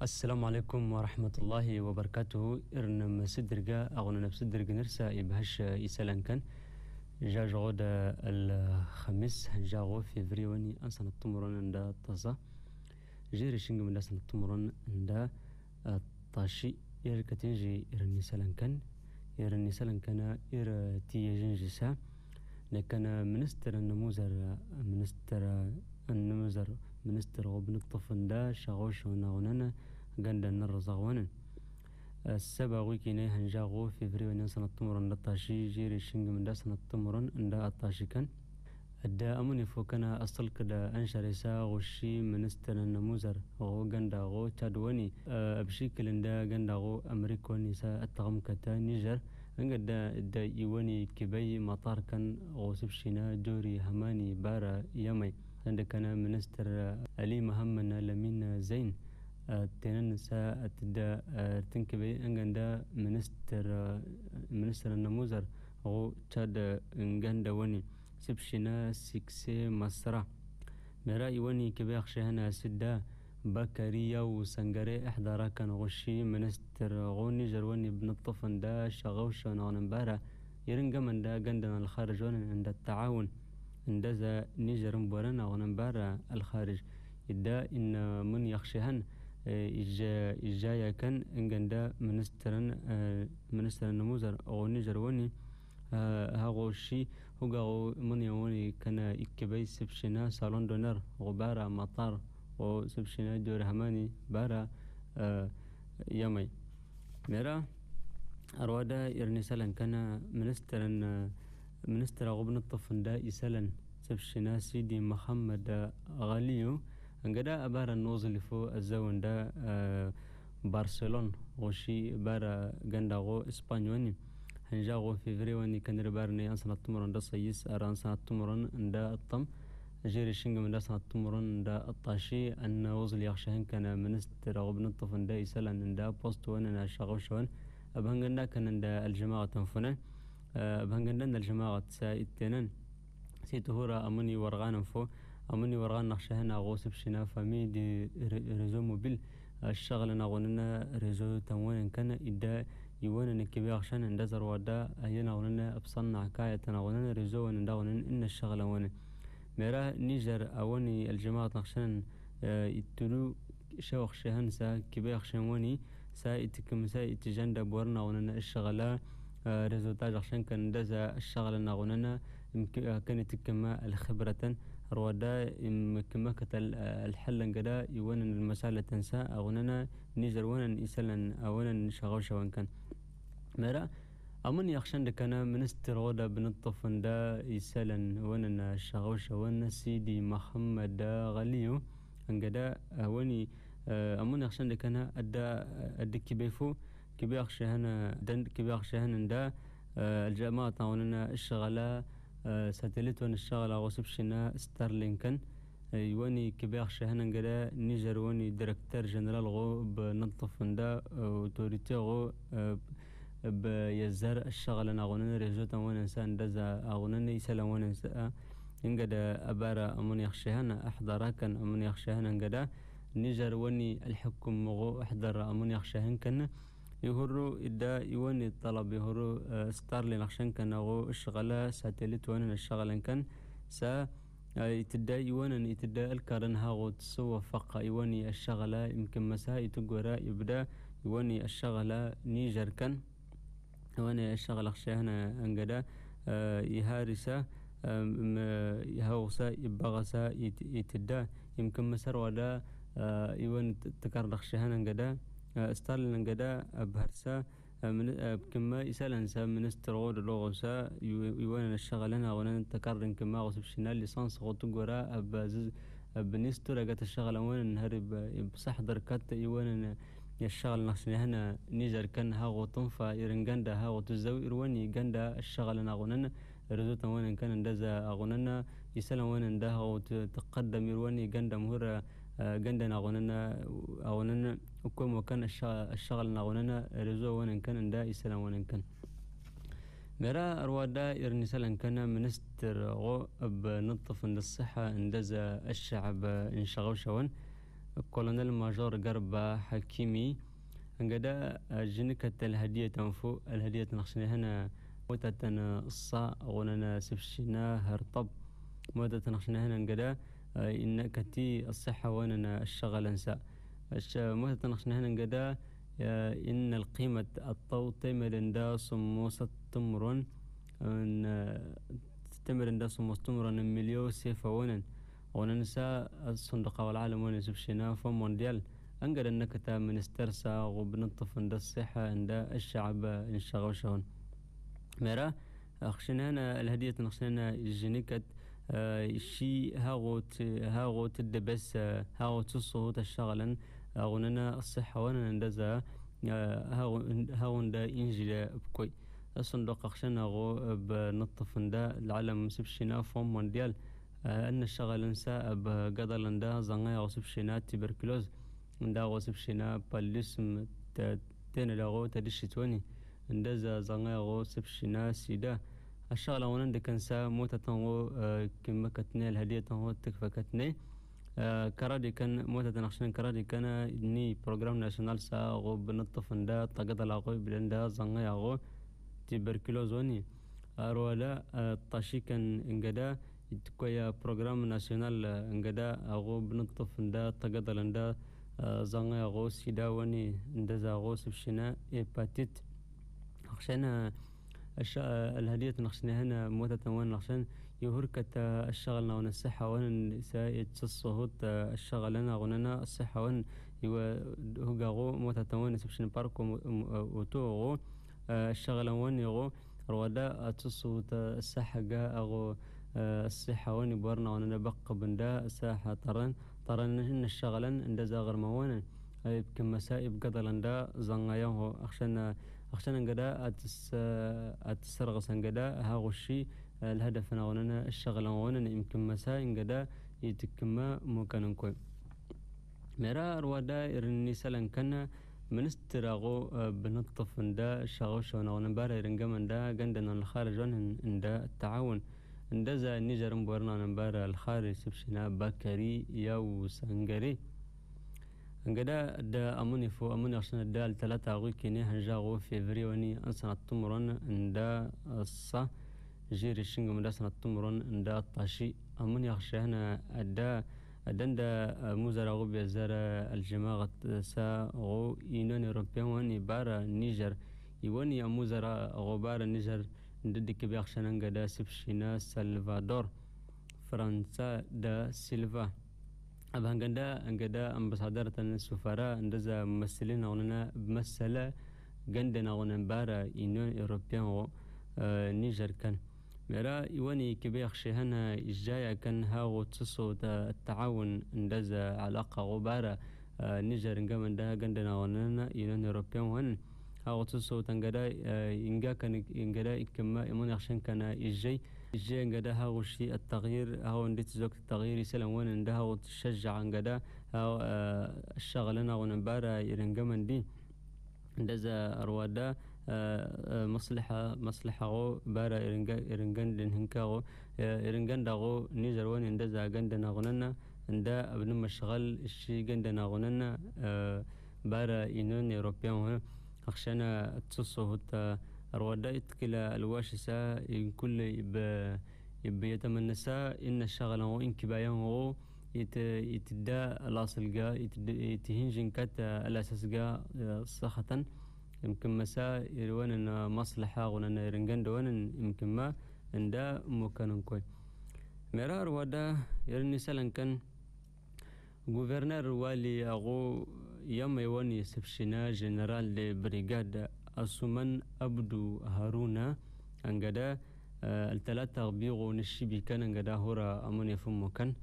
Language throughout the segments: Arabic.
السلام عليكم ورحمة الله وبركاته إرنم سدرجة أغنى نفس سدرجة نرسى إبهش إسالان كان جا جغود الخميس جا غو في فريوني أنسان التمرون عند طازا جيري شنج من أنسان التمرون عند طاشي إركتين جي إرني سالان كان ير نسالن كنا ير تي جنجسا نكنا منستر النموذر منستر النموزر منستر وابن الطفن دا شاغوش ونغنن غندا نرزغونا السبع ويكينا هنجاغو في فريو نسنة تمرن لطاشي جيري شنج من دا سنة تمرن دا الطاشي كان da amani fokana asalka da an sharisa goshi ministan na muzar go ganda go chad wani abshi kalinda ganda go amerika wani sa atagamka ta niger anga da da iwani kibai matar kan go sibshina jori hamani bara yamai عندك كان منستر علي محمد لمين زين تنن سا تدا تنكبي انغندا منستر منستر النموذر او تشاد انغندا وني تبشنا سكسي مصرا مرأي وني كبيخش هنا سدا بكرية وسنجري إحدى كان غشي منستر غوني جروني بن الطفن دا شغوش نغنبارا يرنجا من دا جندنا الخارج عند التعاون اندزا نجر مبارنا غنبارا الخارج إدا إن من يخشهن إجا إجايا كان إنجندا منسترن منسترن نموزر أو نيجر وني آه، هاغوشي وقاو من يوني كان إكباي سبشنا سالون دونر غبارة مطار وسبشنا دور هماني بارا آه يمي ميرا أروادا إرني سلن كان منسترن آه، منستر غبن الطفن دا يسلن سبشنا سيدي محمد آه، غاليو انقدا أبارا نوزلفو الزون دا آه برشلون وشي بارا غنداغو إسبانيوني جاغو في فريواني كان ربارني أنسان التمرن دا صيس أرى أنسان التمرن دا الطم جيري شنغ من أنسان التمرن دا الطاشي أن وزل يخشهن كان منستر غبن الطفن دا أن دا بوست وان أنا شاغو شوان أبهنغن دا كان دا الجماعة تنفنان أبهنغن دا الجماعة سايتنان سيتهورا أمني ورغان فو أمني ورغان نخشهن أغوسب شنا فمي دي ريزو موبيل الشغل نغوننا ريزو تنوان كان إدا يوانا نكبي عشان اندزر ودا أينا وننا ابصنع كايتنا وننا رزوان وندا ونن إن الشغل وانا ميرا نيجر اواني الجماعة نخشن آه، يتلو شوخ شهن سا كبي عشان وني سا اتكم سا يتجند بورنا وننا الشغلة آه، رزوتاج عشان كان دزا الشغل نغننا آه، كانت كما الخبرة روادا كما كتل الحل قدا يوانا المسألة تنسى أغننا نيجر وانا إسالا أولا شغوشا وان كان مرا أمن يخشن دكنا منستر ودا بنطفن دا يسالن وننا الشغوشة ون سيدي محمد دا غليو أنقدا آه، وني آه، أمن يخشن دكنا أدا آه، أدا كيبيفو كيبيخش هنا دند كيبيخش هنا دا الجماعة طاوننا الشغلة ساتليت ون الشغلة غوسبشنا ستارلينكن يواني كبير شهنا هنا نقدا نيجر واني دركتر جنرال غو بنطفن دا وتوريتي غو ب يزار الشغل أغنن رجوتا انسان دزا أغنن يسلا وننسا إنجد أبارا أمن يخشهنا احضر كان أمن يخشهنا إنجدا نجر وني الحكم مغو أحضر أمن يخشهن كان يهرو إدا يوني الطلب يهرو آه، ستار لنخشن كان غو الشغلة ساتلت ونن الشغل كان سا آه، يتدا يوانا يتدا الكارن هاغو تسوى فقا يواني الشغلة يمكن مساء يتقورا يبدا يواني الشغلة نيجر كان وانا الشغل اخشى هنا انجدا آه، يهارسا يهوسا يبغسا يتدا يمكن مسر ودا آه، يون تكر اخشى هنا انجدا آه، استال انجدا بهرسا من كما يسالن سا منستر غود لوغوسا يوانا الشغل انا وانا تكرن كما غوسب شنا ليسانس غوتو غورا اب بالنسبه الشغل وين نهرب بصح دركات يوانا يا الشغل نخسني هنا نيجر كان هاغو طنفا إرنغاندا هاغو تزاو إرواني غاندا الشغل ناغونن رزوتا وانا كان ندازا أغونن يسالا وانا نداهو تقدم إرواني غاندا مهرة آه، غاندا ناغونن أغونن آه، وكم وكان الشغل ناغونن رزو وانا كان ندا يسالا وانا كان مرا أروادا إرنسالا كان منستر غو أب نطف الصحة اندازا الشعب إن شغوشون كولونيل ماجور قربة حكيمي انقدا آه، جنك الهدية تنفو الهدية نخشنا هنا وتتن الصا غننا سفشنا هرطب متى تنخشنا هنا انقدا إنك آه، تي الصحة وانا الشغل انسى آه، متى تنخشنا هنا انقدا إن القيمة الطوطي ملندا سموسة تمرن أن تمرندا سموسة تمرن مليو سيفا ونن وننسى الصندوق والعالم ونسب شنا فم مونديال أنقل أنك تا منستر سا وبنطف عند الصحة عند الشعب إن شغوشون مرا خشنا هنا الهدية نخشنا جنيكت الشي آه، هاغوت هاغوت الدبس هاغوت الصوت الشغلا غننا الصحة وانا ندزا آه هاون دا إنجيل بكوي الصندوق خشنا غو بنطف عند العالم سبشنا فم مونديال آه، ان shaqalansa ba gadalanda zanga yaqsub shina tuberculosis nda yaqsub shina paludism ta tena lago ta dishitwani nda za zanga yaqsub سيدا الشغل الشغلة وانا دكنسا موتة تنغو آه، كما كتني الهدية تنغو تكفى كتني آه، كرادي كان موتة تنخشن كرادي كان ني بروغرام ناشونال سا غو بنطف ندا تقدر لاغو بلندا زنغي اغو تيبركلوزوني أرولا تاشي كان انقدا تكويا بروغرام ناسيونال انغدا اغو بنطف ندا تقدل ندا آه، زانغي اغو سيداوني اندا زاغو سبشنا ايباتيت خشنا الهدية نخشنا هنا موتة وين نخشن يهركة الشغل نون الصحة وين سيتصهوت الشغل أنا غننا الصحة وان وين آه، يهجغو موتة وين سبشن باركو وتوغو آه، الشغل وين يغو روادا تصوت الصحة غا أغو الصحة وين بورنا وانا بقى بندا ساحة طرن طرن إن الشغلن اندا زاغر موانا يمكن مسائب قدر اندا زنغا يوهو اخشان اخشان انقدا أتس أتسرغس انقدا هاغو الشي الهدف نغننا الشغل ونن يمكن مساء قدا يتكما ممكن انكوي ميرا اروادا إرني سالن كان من استراغو بنطف دا شغوش ونغنبار ارنقام اندا قندنا الخارج ونن اندا التعاون اندزا نجرم بورنا نمبر الخاري سبشنا bakari يو سنگري انگدا دا اموني فو اموني عشان دا التلاتة غوي كيني هنجا غو في فريوني انسان التمرن اندا الصا جيري الشنق مدا سان التمرن اندا الطاشي اموني عشان هنا ادا دندا موزر غو بيزار الجماعة سا غو اينوني روبيان واني بارا نيجر يواني موزر غو بارا نيجر ندك بيخشن دا سبشينا سلفادور فرنسا دا سيلفا أبا هنجدا هنجدا أمبسادر تن السفراء ندزا ممثلين غننا بمسألة جندنا غنن بارا يونيون أوروبيان نيجر كان مرا إيواني كبيخ هنا إجايا كان هاو تصو التعاون ندزا علاقة غبارة نيجر نجمن دا جندنا غننا يونيون أوروبيان أغطو سو تنجدا إنجا كان إنجدا إكما إمون يخشن كان إجي إجي إنجدا هاو شيء التغيير هاو نديت زوك التغيير يسلم وين إندا هاو تشجع إنجدا هاو الشغلنا ونبارا يرنجمن دي دزا أروادا مصلحة مصلحة غو بارا إرنجن لنهنكا غو إرنجن دا غو نيجر وين إندزا غندنا غننا إندا أبنما شغل الشي غندنا غننا بارا إنون إيروبيان أوروبيان أخشانا تصوه روادايت كلا الواشسة إن كل يب يب يتمنى سا إن الشغلة ان كبايان هو يت يتدا لاصل لاصلقا يتهنجن كات جا آه، صحة يمكن مسا يروان ان مصلحة غنان رنجان دوان يمكن ما ان دا مكان كوي مرار ودا يرني سالن كان غوفرنر والي أغو يوم يوني سبشنا جنرال لبريغاد أسومن أبدو هارونا أنجدا الثلاثة آه، غبيغو نشيبي كان أنجدا هورا أموني فمو كان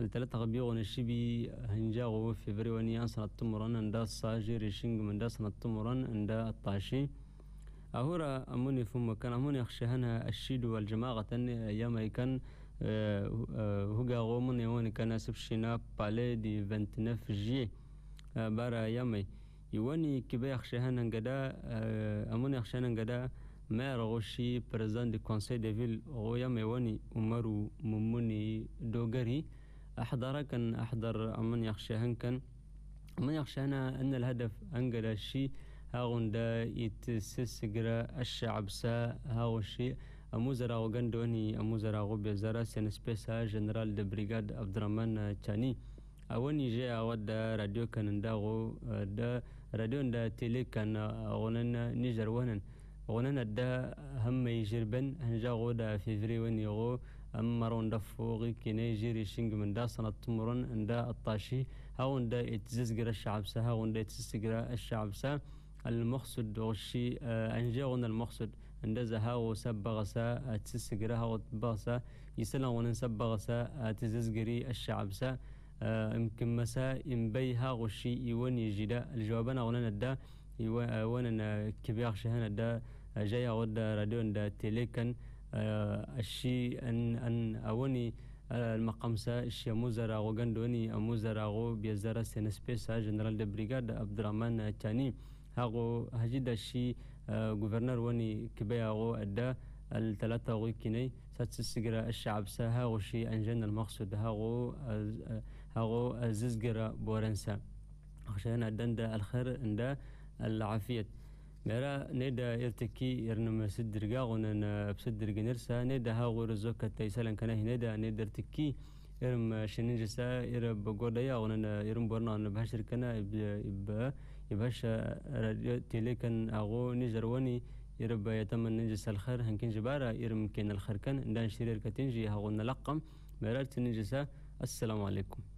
الثلاثة آه، غبيغو نشيبي هنجاغو في بريواني أنسان التمران أندا الساجي ريشنغ من داسن التمران أندا الطاشي أهورا أموني فمو كان أموني أخشهنا الشيد والجماعة يوم كان آه، هو غومن يوان كان سبشينا بالي دي 29 جي bara yamai iwani kibe yakhshahanan gada amun yakhshahanan gada maire roshi président du conseil de ville royame wani umaru mumuni dogari أحضر كان أحضر أمن يخشاهن كان أمن يخشاهنا أن الهدف أنقل الشي هاغن دا يتسسقرا الشعب سا هاغو الشي أموزرا وغندوني أموزرا غوبيا زرا سينسبيسا جنرال دبريغاد عبد الرحمن تشاني أوني جاء ودا راديو كان داغو دا راديو دا تيلي كان غنن نيجر ونن غنن دا هم يجربن هنجاغو دا فيفري ونيغو أما رون دفو غي كيني جيري شنج من دا سنة تمرن دا الطاشي هاون دا يتززقر الشعب سا هاون دا يتززقر الشعب سا المقصد غشي أنجاغون المقصد عند زهاو سبغسا تسسقرها وتبغسا يسلغون سبغسا تززقري الشعب سا آه، يمكن مساء بيها غشي يون يجدا الجواب أنا غنى ندا آه، وانا كبير شهانا دا آه، جاي غدا راديو دا تيليكن الشي ان ان اوني المقام سا الشي موزرا غندوني موزرا غو بيزرا سينسبيسا جنرال دي بريغاد عبد الرحمن الثاني هاغو دا الشي غوفرنر واني كبير غو ادا الثلاثة غو كيني ساتسسقرا الشعب سا هاغو شي انجن المقصود هاغو هاغو ززقرا بورنسا عشان الدندا الخير عند العافية غير نيدا ارتكي ارنم سدر غاغونا بسدر جنرسا نيدا هاغو رزوكا تيسالن كان نيدا نيدا ارتكي إرم يرب إرم بقودايا ونانا يرم بورنا أنا بهشر كنا يب إب يبهش راديو تيليكن أغو نجرواني يرب يتم ننجس الخير هنكن جبارة يرم كين الخير كان دان شرير كتنجي هاغو نلقم مرارت ننجسا السلام عليكم